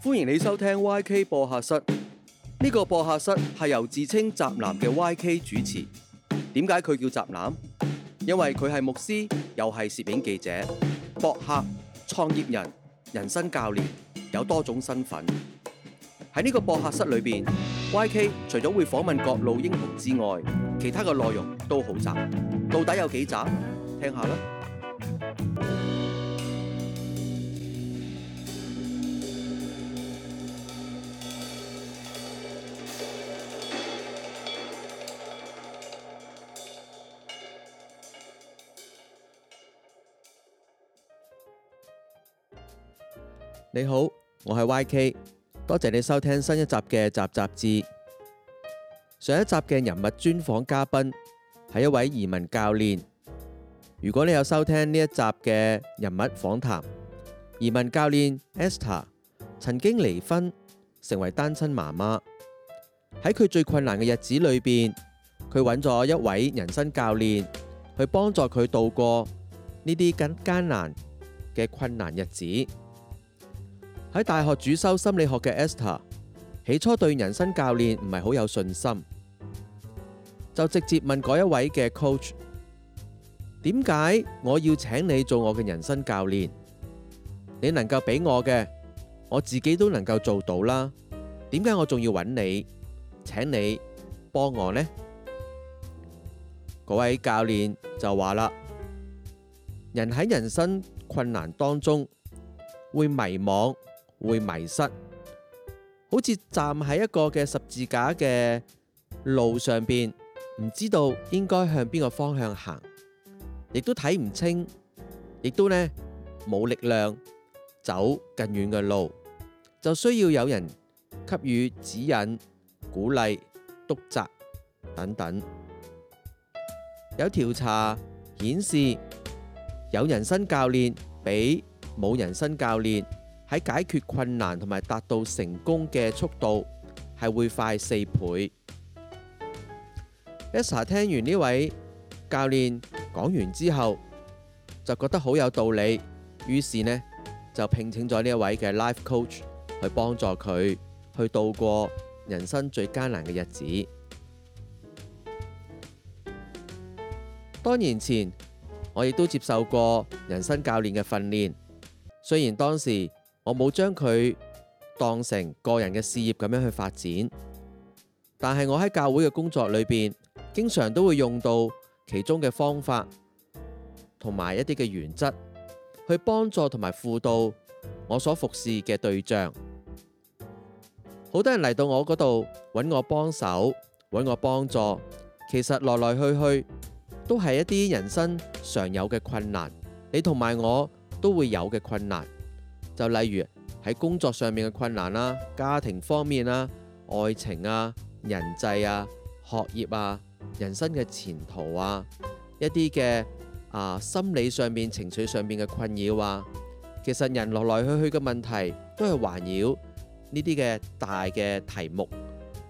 歡迎你收聽 YK 播客室，呢、這個播客室係由自稱宅男嘅 YK 主持。點解佢叫宅男？因為佢係牧師，又係攝影記者、博客、創業人、人生教練，有多種身份。喺呢個播客室裏面 YK 除咗會訪問各路英雄之外，其他嘅內容都好雜。到底有幾雜？聽下啦。你好，我係 YK，多謝你收聽新一集嘅集雜誌。上一集嘅人物專訪嘉賓係一位移民教練。如果你有收聽呢一集嘅人物訪談，移民教練 Esther 曾經離婚，成為單親媽媽。喺佢最困難嘅日子裏邊，佢揾咗一位人生教練去幫助佢度過呢啲咁艱難嘅困難日子。喺大學主修心理學嘅 Esther，起初對人生教練唔係好有信心，就直接問嗰一位嘅 coach：點解我要請你做我嘅人生教練？你能夠俾我嘅，我自己都能夠做到啦。點解我仲要揾你，請你幫我呢？嗰位教練就話啦：人喺人生困難當中會迷惘，會迷失，好似站喺一個嘅十字架嘅路上邊，唔知道應該向邊個方向行，亦都睇唔清，亦都呢冇力量走更遠嘅路，就需要有人給予指引、鼓勵、督責等等。有調查顯示，有人身教練比冇人生教練。喺解決困難同埋達到成功嘅速度，係會快四倍。Elsa 聽完呢位教練講完之後，就覺得好有道理，於是呢就聘請咗呢一位嘅 life coach 去幫助佢去度過人生最艱難嘅日子。多年前，我亦都接受過人生教練嘅訓練，雖然當時，我冇將佢當成個人嘅事業咁樣去發展，但係我喺教會嘅工作裏邊，經常都會用到其中嘅方法同埋一啲嘅原則，去幫助同埋輔導我所服侍嘅對象。好多人嚟到我嗰度揾我幫手，揾我幫助，其實來來去去都係一啲人生常有嘅困難，你同埋我都會有嘅困難。就例如喺工作上面嘅困難啦、家庭方面啦、愛情啊、人際啊、學業啊、人生嘅前途啊，一啲嘅啊心理上面、情緒上面嘅困擾啊，其實人來來去去嘅問題都係環繞呢啲嘅大嘅題目。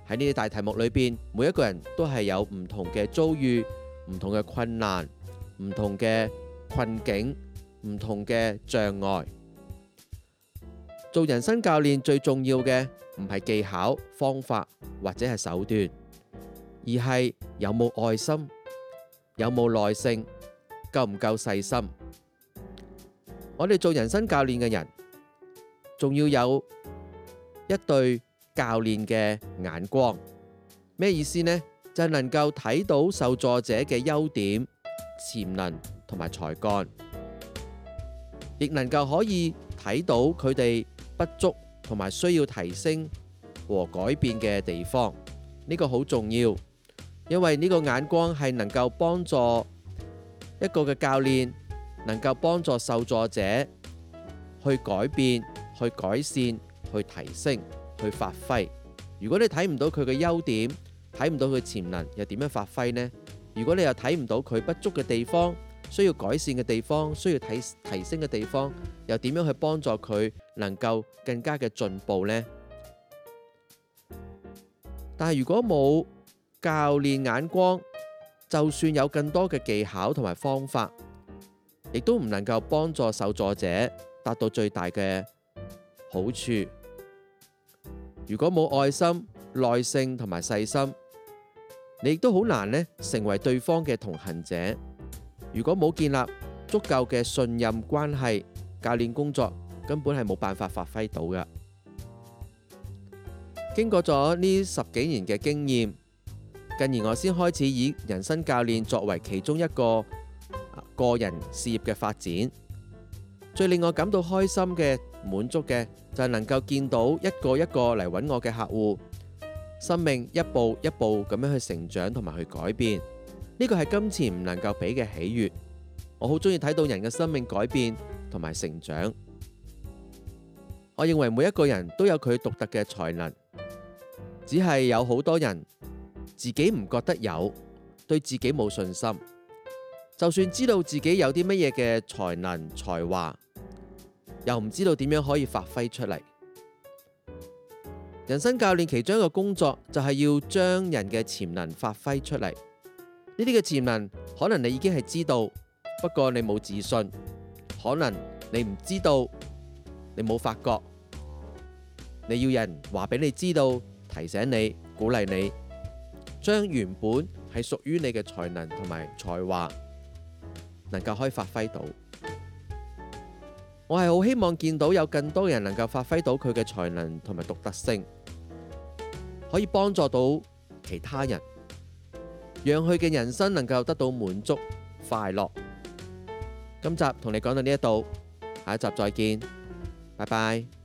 喺呢啲大題目裏邊，每一個人都係有唔同嘅遭遇、唔同嘅困難，唔同嘅困境、唔同嘅障礙。做人生教練最重要嘅唔係技巧、方法或者係手段，而係有冇愛心、有冇耐性、夠唔夠細心。我哋做人生教練嘅人，仲要有一對教練嘅眼光，咩意思呢？就能夠睇到受助者嘅優點、潛能同埋才幹，亦能夠可以睇到佢哋。不足同埋需要提升和改變嘅地方，呢個好重要，因為呢個眼光係能夠幫助一個嘅教練，能夠幫助受助者去改變、去改善、去提升、去發揮。如果你睇唔到佢嘅優點，睇唔到佢潛能，又點樣發揮呢？如果你又睇唔到佢不足嘅地方，需要改善嘅地方，需要提提升嘅地方，又點樣去幫助佢能夠更加嘅進步呢？但係如果冇教練眼光，就算有更多嘅技巧同埋方法，亦都唔能夠幫助受助者達到最大嘅好處。如果冇愛心、耐性同埋細心，你亦都好難呢成為對方嘅同行者。如果冇建立足夠嘅信任關係，教練工作根本係冇辦法發揮到嘅。經過咗呢十幾年嘅經驗，近年我先開始以人生教練作為其中一個個人事業嘅發展。最令我感到開心嘅、滿足嘅，就係能夠見到一個一個嚟揾我嘅客戶，生命一步一步咁樣去成長同埋去改變。呢個係金錢唔能夠俾嘅喜悦，我好中意睇到人嘅生命改變同埋成長。我認為每一個人都有佢獨特嘅才能，只係有好多人自己唔覺得有，對自己冇信心。就算知道自己有啲乜嘢嘅才能、才華，又唔知道點樣可以發揮出嚟。人生教練其中一個工作就係要將人嘅潛能發揮出嚟。呢啲嘅潛能，可能你已經係知道，不過你冇自信，可能你唔知道，你冇發覺，你要人話俾你知道，提醒你，鼓勵你，將原本係屬於你嘅才能同埋才華，能夠可以發揮到。我係好希望見到有更多人能夠發揮到佢嘅才能同埋獨特性，可以幫助到其他人。讓佢嘅人生能夠得到滿足快樂。今集同你講到呢一度，下一集再見，拜拜。